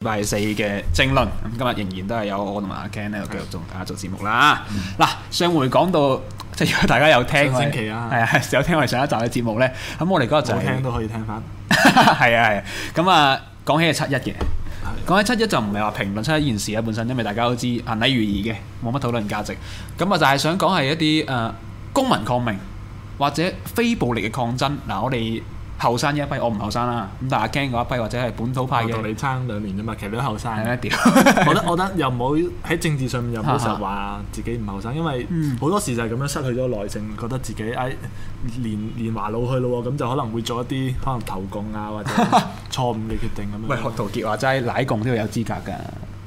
禮拜四嘅政論，咁今日仍然都係有我同埋阿 Ken 咧，繼續做大家做節目啦。嗱，嗯、上回講到，即係如果大家有聽，星期啊，係啊，有聽我哋上一集嘅節目咧。咁我哋嗰日就是、我聽都可以聽翻， 係啊係啊。咁啊，講起七一嘅，講起七一就唔係話評論七一件事啊本身，因為大家都知道行禮如儀嘅冇乜討論價值。咁啊，就係想講係一啲誒公民抗命或者非暴力嘅抗爭。嗱、呃，我哋。後生一批，我唔後生啦。咁但係阿 Ken 嘅一批或者係本土派嘅，我同你差兩年啫嘛，其實都後生。冇 得，我覺得又唔好喺政治上面又唔好成日話自己唔後生，啊啊因為好多時就係咁樣失去咗耐性，覺得自己唉年年華老去咯，咁就可能會做一啲可能投共啊或者錯誤嘅決定咁 樣。喂，學陶傑話齋，奶共都會有資格㗎。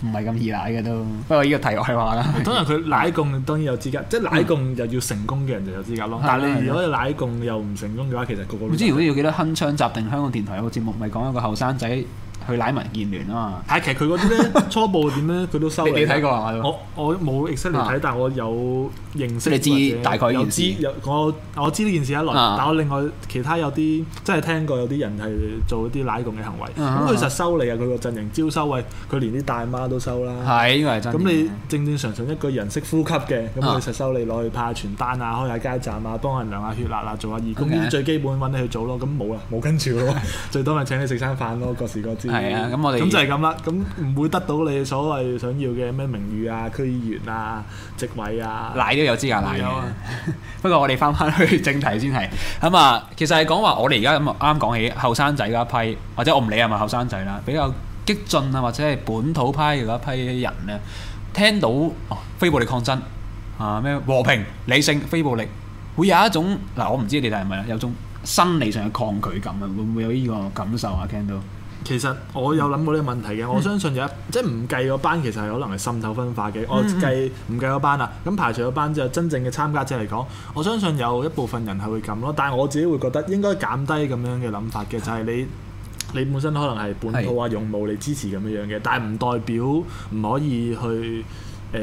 唔係咁易奶嘅都，不過依個題外話啦。通常佢奶共當然有資格，嗯、即係奶共又要成功嘅人就有資格咯。嗯、但係你如果奶共又唔成功嘅話，其實個個我之前嗰啲要記得鏗鏘集，定香港電台有個節目，咪、就是、講一個後生仔。去奶民建聯啊嘛！係，其實佢嗰啲咧初步點咧，佢都收。你睇過我我冇意識嚟睇，但係我有認識。你知大概？有知我我知呢件事一來，但我另外其他有啲真係聽過有啲人係做啲奶共嘅行為。咁佢實收你啊！佢個陣營招收，喂，佢連啲大媽都收啦。係，因為係真。咁你正正常常一個人識呼吸嘅，咁佢實收你攞去派下傳單啊，開下街站啊，幫人量下血壓啊，做下義工，呢啲最基本揾你去做咯。咁冇啦，冇跟住咯，最多咪請你食餐飯咯，個時個節。係、嗯、啊，咁我哋咁、嗯、就係咁啦，咁唔會得到你所謂想要嘅咩名譽啊、區議員啊、職位啊，奶都有資格奶不，會、啊、 不過我哋翻返去正題先係，咁、嗯、啊，其實係講話我哋而家咁啱講起後生仔嗰一批，或者我唔理係咪後生仔啦，比較激進啊，或者係本土派嘅一批人咧，聽到、啊、非暴力抗爭啊，咩和平理性非暴力，會有一種嗱我唔知你哋係咪有種種心理上嘅抗拒感啊，會唔會有呢個感受啊？聽到？其實我有諗過呢個問題嘅，嗯、我相信有一即係唔計嗰班，其實係可能係滲透分化嘅。嗯嗯、我計唔計嗰班啊？咁排除咗班之後，真正嘅參加者嚟講，我相信有一部分人係會咁咯。但係我自己會覺得應該減低咁樣嘅諗法嘅，就係、是、你你本身可能係本土啊、是勇武你支持咁樣樣嘅，但係唔代表唔可以去。誒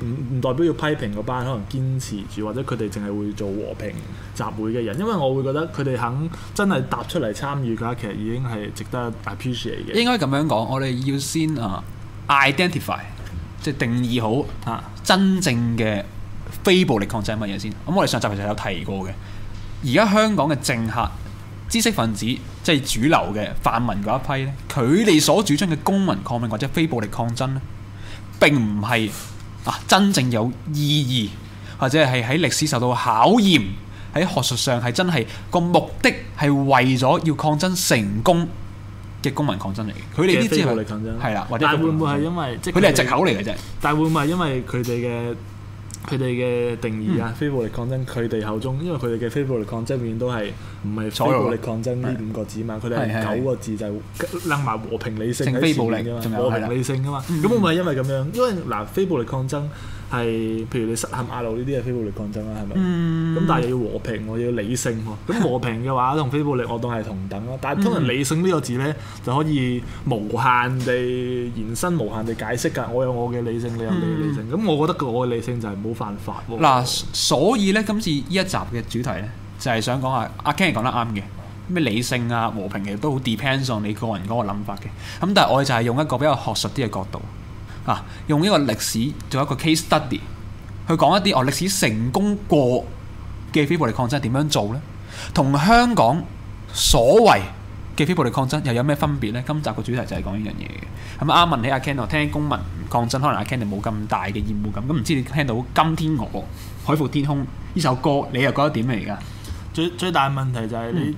唔唔代表要批評嗰班可能堅持住，或者佢哋淨係會做和平集會嘅人，因為我會覺得佢哋肯真係踏出嚟參與嘅話，其實已經係值得 appreciate 嘅。應該咁樣講，我哋要先啊 identify，即係定義好嚇真正嘅非暴力抗爭乜嘢先。咁我哋上集其實有提過嘅，而家香港嘅政客、知識分子，即係主流嘅泛民嗰一批咧，佢哋所主張嘅公民抗命或者非暴力抗爭咧，並唔係。啊！真正有意義，或者係喺歷史受到考驗，喺學術上係真係個目的係為咗要抗爭成功嘅公民抗爭嚟嘅。佢哋啲資料係啦，或者會唔會係因為即係佢哋係藉口嚟嘅啫？但會唔會係因為佢哋嘅？佢哋嘅定義啊，非暴力抗爭，佢哋口中，因為佢哋嘅非暴力抗爭永遠都係唔係非暴力抗爭呢五個字嘛，佢哋係九個字，就拎埋和平理性喺前面噶嘛，和平理性噶嘛，咁我咪因為咁樣，因為嗱非暴力抗爭。係，譬如你實行壓路呢啲係非暴力抗爭啦，係咪？咁但係又要和平喎，要理性喎。咁和平嘅話同非暴力我當係同等咯。但係通常理性呢個字咧就可以無限地延伸、無限地解釋㗎。我有我嘅理性，你有你嘅理性。咁我覺得個我嘅理性就係冇犯法喎。嗱，所以咧今次呢一集嘅主題咧就係想講下阿 Ken 講得啱嘅咩理性啊、和平其實都好 depends on 你個人嗰個諗法嘅。咁但係我哋就係用一個比較學術啲嘅角度。啊！用呢個歷史做一個 case study，去講一啲哦歷史成功過嘅非暴力抗爭點樣做呢？同香港所謂嘅非暴力抗爭又有咩分別呢？今集個主題就係講呢樣嘢嘅。咁啱問起阿 Ken，我聽說公民抗爭，可能阿 Ken 冇咁大嘅厭惡感。咁唔知你聽到今天我海闊天空呢首歌，你又覺得點嚟噶？最最大嘅問題就係你。嗯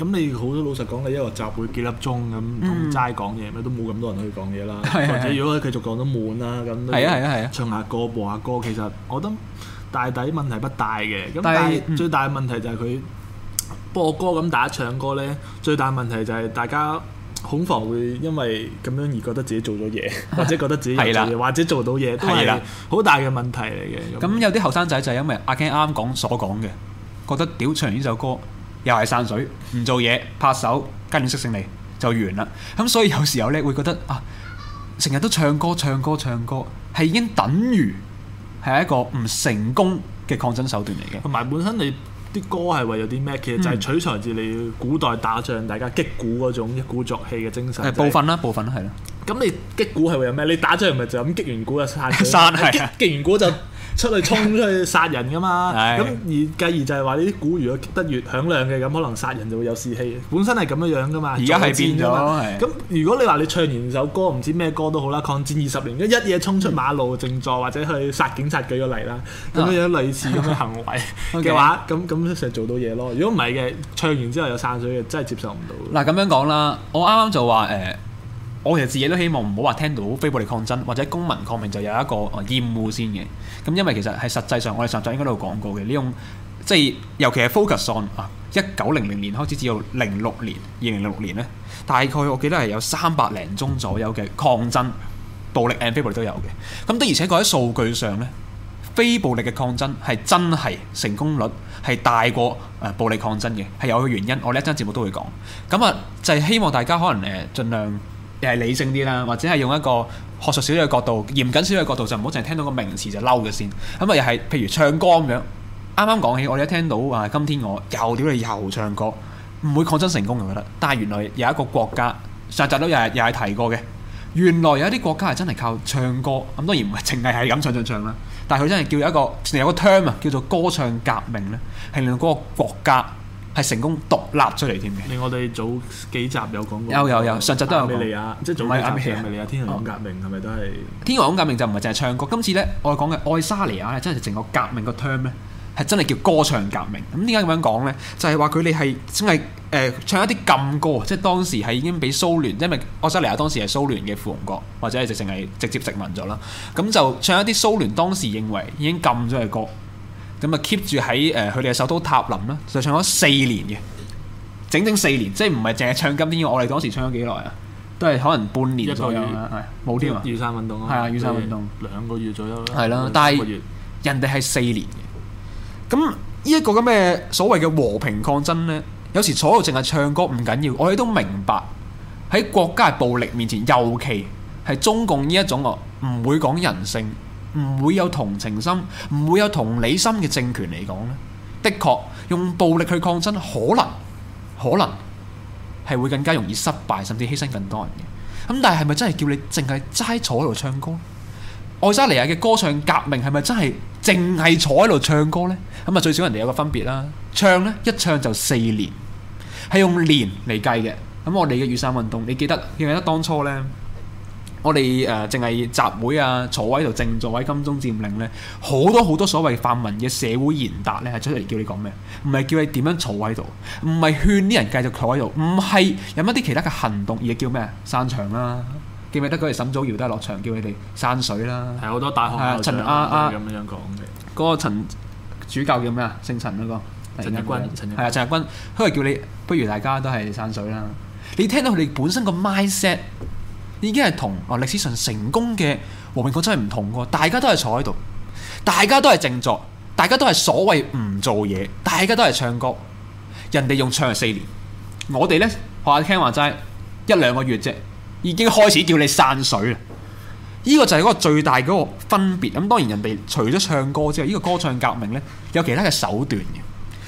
咁你好多老實講，你一個集會幾粒鐘咁，同齋講嘢，咩都冇咁多人去講嘢啦。的或者如果繼續講得悶啦，咁係啊，係啊，係啊。唱下歌播下歌，其實我覺得大抵問題不大嘅。咁但係、嗯、最大問題就係佢播歌咁，大家唱歌咧，最大問題就係大家恐防會因為咁樣而覺得自己做咗嘢，的或者覺得自己做嘢，的或者做到嘢的都係好大嘅問題嚟嘅。咁有啲後生仔就係因為阿 Ken 啱啱講所講嘅，覺得屌唱呢首歌。又係散水，唔做嘢拍手，跟住息勝利就完啦。咁所以有時候咧會覺得啊，成日都唱歌唱歌唱歌，係已經等於係一個唔成功嘅抗爭手段嚟嘅。同埋本身你啲歌係為咗啲咩？其實就係取材自你古代打仗，大家擊鼓嗰種一鼓作氣嘅精神。就是、部分啦、啊，部分啦、啊，係啦。咁你擊鼓係為咗咩？你打仗咪就咁擊完鼓就散，散係 擊完鼓就。 出去衝出去殺人噶嘛？咁 是的 而繼而就係話呢啲鼓樂擊得越響亮嘅，咁可能殺人就會有士氣。本身係咁樣樣噶嘛，而家係變咗抗戰。咁是的 如果你話你唱完首歌，唔知咩歌都好啦，抗戰二十年，一夜衝出馬路靜坐，或者去殺警察，舉個例啦，咁樣類似咁嘅行為嘅話，咁咁成做到嘢咯。如果唔係嘅，唱完之後又散水嘅，真係接受唔到。嗱，咁樣講啦，我啱啱就話誒。呃我其實自己都希望唔好話聽到非暴力抗爭或者公民抗命就有一個誒厭惡先嘅，咁因為其實係實際上我哋上集應該都有講過嘅，呢種即係尤其係 focus on 啊，一九零零年開始至到零六年，二零零六年呢，大概我記得係有三百零宗左右嘅抗爭暴力 and 非暴力都有嘅，咁的而且確喺數據上呢，非暴力嘅抗爭係真係成功率係大過誒、呃、暴力抗爭嘅，係有個原因，我呢一陣節目都會講，咁啊就係、是、希望大家可能誒、呃、盡量。又係理性啲啦，或者係用一個學術少少嘅角度、嚴謹少少嘅角度，就唔好淨係聽到個名詞就嬲嘅先。咁啊，又係譬如唱歌咁樣，啱啱講起，我哋一聽到話，今天我又屌你又唱歌，唔會抗爭成功嘅覺得。但係原來有一個國家，上集都又係又係提過嘅，原來有一啲國家係真係靠唱歌。咁當然唔係淨係咁唱唱唱啦，但係佢真係叫一個有一個 term 啊，叫做歌唱革命呢係令到嗰個國家。係成功獨立出嚟添，令我哋早幾集有講過。有有有，上集都有有有。亞美尼亞即係早啲啱嘅，亞美、啊、尼亞天鵝絨革命係咪好都係？天鵝絨革命就唔係淨係唱歌。今次呢，我講嘅愛沙尼亞係真係成個革命個 term 呢，係真係叫歌唱革命。咁點解咁樣講呢？就係話佢哋係真係誒唱一啲禁歌，即係當時係已經俾蘇聯，因為愛沙尼亞當時係蘇聯嘅附庸國，或者係直情係直接殖民咗啦。咁就唱一啲蘇聯當時認為已經禁咗嘅歌。咁啊 keep 住喺誒佢哋嘅首都塔林啦，就唱咗四年嘅，整整四年，即係唔係淨係唱今天嘅？我哋當時唱咗幾耐啊？都係可能半年左右，冇添啊！雨傘運動咯，係啊，雨傘運動兩個月左右咯，係啦、啊，但係是人哋係四年嘅。咁呢一個嘅咩所謂嘅和平抗爭呢，有時坐係度淨係唱歌唔緊要，我哋都明白喺國家暴力面前，尤其係中共呢一種哦，唔會講人性。唔會有同情心、唔會有同理心嘅政權嚟講呢，的確用暴力去抗爭可能，可能係會更加容易失敗，甚至犧牲更多人嘅。咁但係係咪真係叫你淨係齋坐喺度唱歌？愛沙尼亞嘅歌唱革命係咪真係淨係坐喺度唱歌呢？咁啊最少人哋有個分別啦。唱呢，一唱就四年，係用年嚟計嘅。咁我哋嘅雨傘運動，你記得記唔記得當初呢？我哋誒淨係集會啊，坐喺度靜坐喺金鐘佔領咧，好多好多所謂的泛民嘅社會賢達咧，係出嚟叫你講咩？唔係叫你點樣坐喺度，唔係勸啲人繼續坐喺度，唔係有一啲其他嘅行動，而係叫咩？散場啦，記唔記得嗰日沈祖堯都係落場叫你哋散水啦。係好多大學，係啊，陳阿阿咁樣講嘅。嗰、啊那個陳主教叫咩啊？姓陳嗰、那個陳日君，係啊，陳日君，佢係叫你不如大家都係散水啦。你聽到佢哋本身個 mindset。已經係同啊歷史上成功嘅和平抗爭真係唔同嘅，大家都係坐喺度，大家都係靜坐，大家都係所謂唔做嘢，大家都係唱歌。人哋用唱四年，我哋呢，學下聽話齋一兩個月啫，已經開始叫你散水啦。依、呢個就係一個最大嗰個分別。咁當然人哋除咗唱歌之外，呢、呢個歌唱革命呢，有其他嘅手段嘅，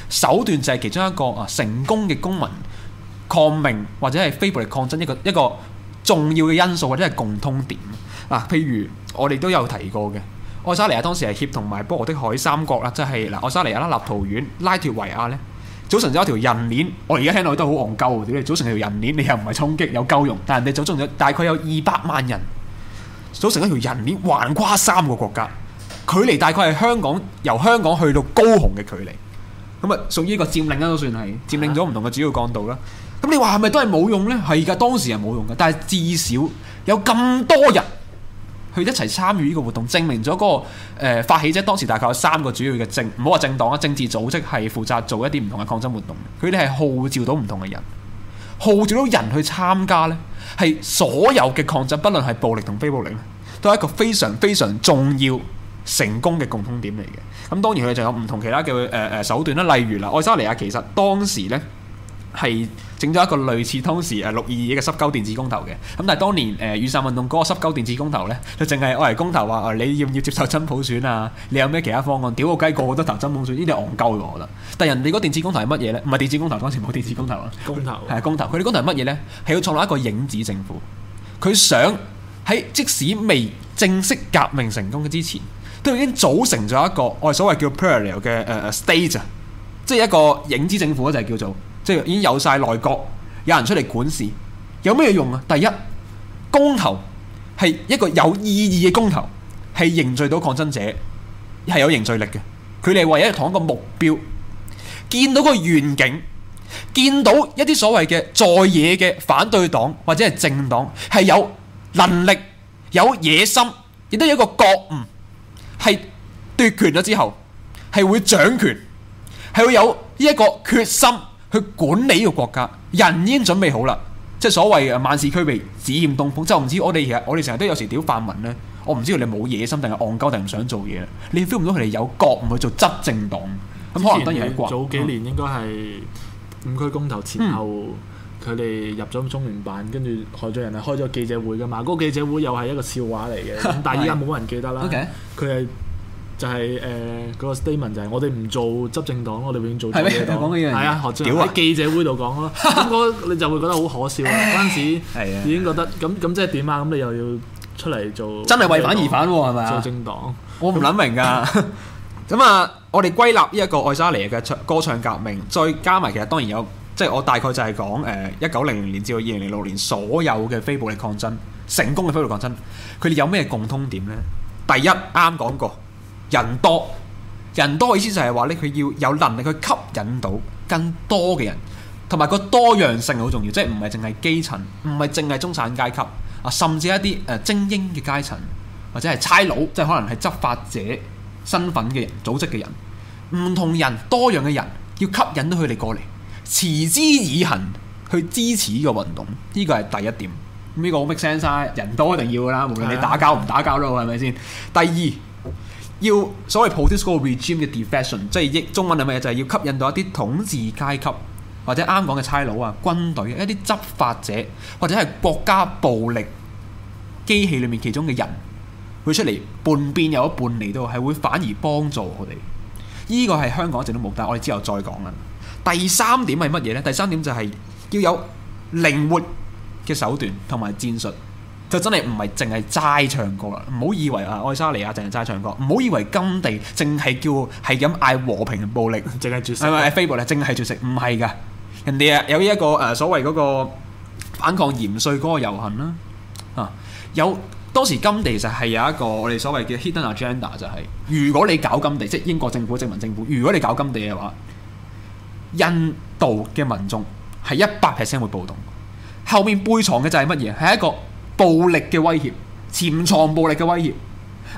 手段就係其中一個啊成功嘅公民抗命或者係非暴力抗爭一個一個重要嘅因素啊，或者係共通點。嗱，譬如我哋都有提過嘅，愛沙尼亞當時係協同埋波羅的海三國啦，即係嗱，愛沙尼亞啦、立陶宛、拉脱維亞呢，組成咗一條人鏈。我而家聽落去都好戇鳩，你組成條人鏈？你又唔係衝擊有夠用，但係人哋組成咗，大概有二百萬人組成一條人鏈，橫跨三個國家，距離大概係香港由香港去到高雄嘅距離。咁啊，屬於一個佔領啦，都算係佔領咗唔同嘅主要幹道啦。咁你話係咪都係冇用呢？係噶，當時係冇用嘅。但係至少有咁多人去一齊參與呢個活動，證明咗、嗰個誒、呃、發起者當時大概有三個主要嘅政唔好話政黨啦，政治組織係負責做一啲唔同嘅抗爭活動。佢哋係號召到唔同嘅人，號召到人去參加呢，係所有嘅抗爭，不論係暴力同非暴力，都係一個非常非常重要成功嘅共通點嚟嘅。咁當然佢哋仲有唔同其他嘅誒誒手段啦。例如啦，愛沙尼亞其實當時呢。係整咗一個類似當時誒六二二嘅濕鳩電子公投嘅，咁但係當年誒雨傘運動嗰個濕鳩電子公投呢，佢淨係用嚟公投話你要唔要接受真普選啊？你有咩其他方案？屌個雞，個個都投真普選，呢啲係戇鳩㗎我覺得。但係人哋個電子公投係乜嘢呢？唔係電子公投，當時冇電子公投啊投。公投係公投，佢哋公投係乜嘢呢？係要創立一個影子政府。佢想喺即使未正式革命成功嘅之前，都已經組成咗一個我哋所謂叫 parallel 嘅 stage 即係一個影子政府咧，就係、叫做。即係已經有晒內閣，有人出嚟管事，有咩用啊？第一，公投係一個有意義嘅公投，係凝聚到抗爭者，係有凝聚力嘅。佢哋為咗同一個目標，見到個願景，見到一啲所謂嘅在野嘅反對黨或者係政黨係有能力、有野心，亦都有一個覺悟，係奪權咗之後係會掌權，係會有呢一個決心。去管理呢個國家，人已經準備好啦，即係所謂嘅萬事俱備，只欠東風。就唔知我哋而家，我哋成日都有時屌泛民咧。我唔知道你冇野心，定係戇鳩，定唔想做嘢。你 feel 唔到佢哋有國，唔去做執政黨，咁可能早幾年應該係五區公投，前後，佢哋、嗯、入咗中聯辦，跟住害咗人啊，開咗記者會噶嘛。嗰、嗰個記者會又係一個笑話嚟嘅， 但係而家冇人記得啦。佢係。就係誒嗰個 statement 就係我哋唔做執政黨，我哋永遠做黨。係咩？講呢嘢。係啊，學咗喺麼記者會度講咯，咁 你就會覺得好可笑。嗰陣時已經覺得咁咁即係點啊？咁你又要出嚟做真係為反而反喎，係咪啊？做政黨，我唔諗明㗎。咁啊，我哋歸納呢一個愛沙尼亞嘅唱歌唱革命，再加埋其實當然有，即係我大概就係講誒一九零零年至到二零零六年所有嘅非暴力抗爭成功嘅非暴力抗爭，佢哋有咩共通點咧？第一啱講過。人多，人多意思就係話咧，佢要有能力去吸引到更多嘅人，同埋個多樣性好重要，即係唔係淨係基層，唔係淨係中產階級啊，甚至一啲誒精英嘅階層，或者係差佬，即係可能係執法者身份嘅人，組織嘅人，唔同人多樣嘅人，要吸引到佢哋過嚟，持之以恒去支持呢個運動，呢個係第一點。呢個好 make sense 人多一定要噶啦，無論你打交唔打交都好，係咪先？第二。要所謂 political regime 嘅 defection，即係中文係乜嘢？就係、是、要吸引到一啲統治階級，或者啱講嘅差佬啊、軍隊、一啲執法者，或者係國家暴力機器裏面其中嘅人，會出嚟叛變，半邊有一半嚟到係會反而幫助我哋。呢、這個係香港一直都冇，但係我哋之後再講啦。第三點係乜嘢呢？第三點就係要有靈活嘅手段同埋戰術。就真係唔係淨係齋唱歌啦，唔好以為啊愛沙尼亞淨係齋唱歌，唔好以為甘地淨係叫係咁嗌和平暴力，淨係絕食。係咪？非暴力淨係絕食，唔係噶。人哋啊有依一個誒、呃、所謂嗰個反抗鹽稅嗰個遊行啦。啊，有當時甘地就係有一個我哋所謂嘅 Hidden Agenda 就係、是，如果你搞甘地，即係英國政府殖民政府，如果你搞甘地嘅話，印度嘅民眾係一百 percent 會暴動。後面背藏嘅就係乜嘢？係一個。暴力嘅威脅，潛藏暴力嘅威脅，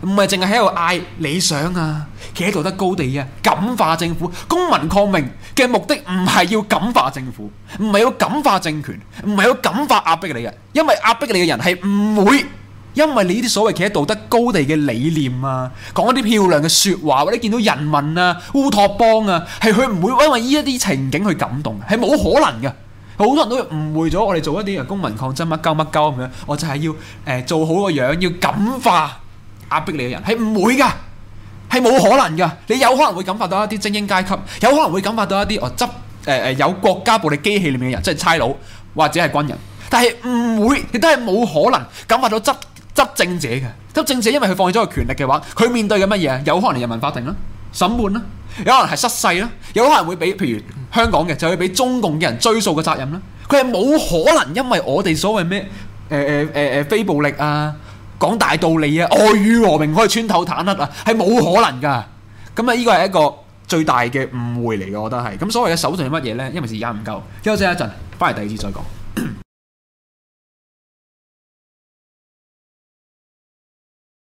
唔係淨係喺度嗌理想啊，企喺道德高地啊，感化政府、公民抗命嘅目的，唔係要感化政府，唔係要感化政權，唔係要感化壓迫你嘅，因為壓迫你嘅人係唔會因為你呢啲所謂企喺道德高地嘅理念啊，講一啲漂亮嘅說話，或者見到人民啊、烏托邦啊，係佢唔會因為呢一啲情景去感動嘅，係冇可能嘅。好多人都誤會咗我哋做一啲人公民抗爭乜鳩乜鳩咁樣，我就係要誒做好個樣，要感化壓迫你嘅人，係唔會㗎，係冇可能㗎。你有可能會感化到一啲精英階級，有可能會感化到一啲哦執誒誒有國家暴力機器裏面嘅人，即係差佬或者係軍人。但係唔會，亦都係冇可能感化到執執政者嘅執政者，因為佢放棄咗個權力嘅話，佢面對嘅乜嘢啊？有可能係人民法庭啦、審判啦，有可能係失勢啦，有可能會俾譬如。香港嘅就可以俾中共嘅人追訴嘅責任啦。佢係冇可能，因為我哋所謂咩誒誒誒誒非暴力啊，講大道理啊，愛與和平可以穿透坦克啊，係冇可能噶。咁啊，呢個係一個最大嘅誤會嚟嘅，我覺得係。咁所謂嘅手段係乜嘢呢？因為時間唔夠，休息一陣，翻嚟第二次再講。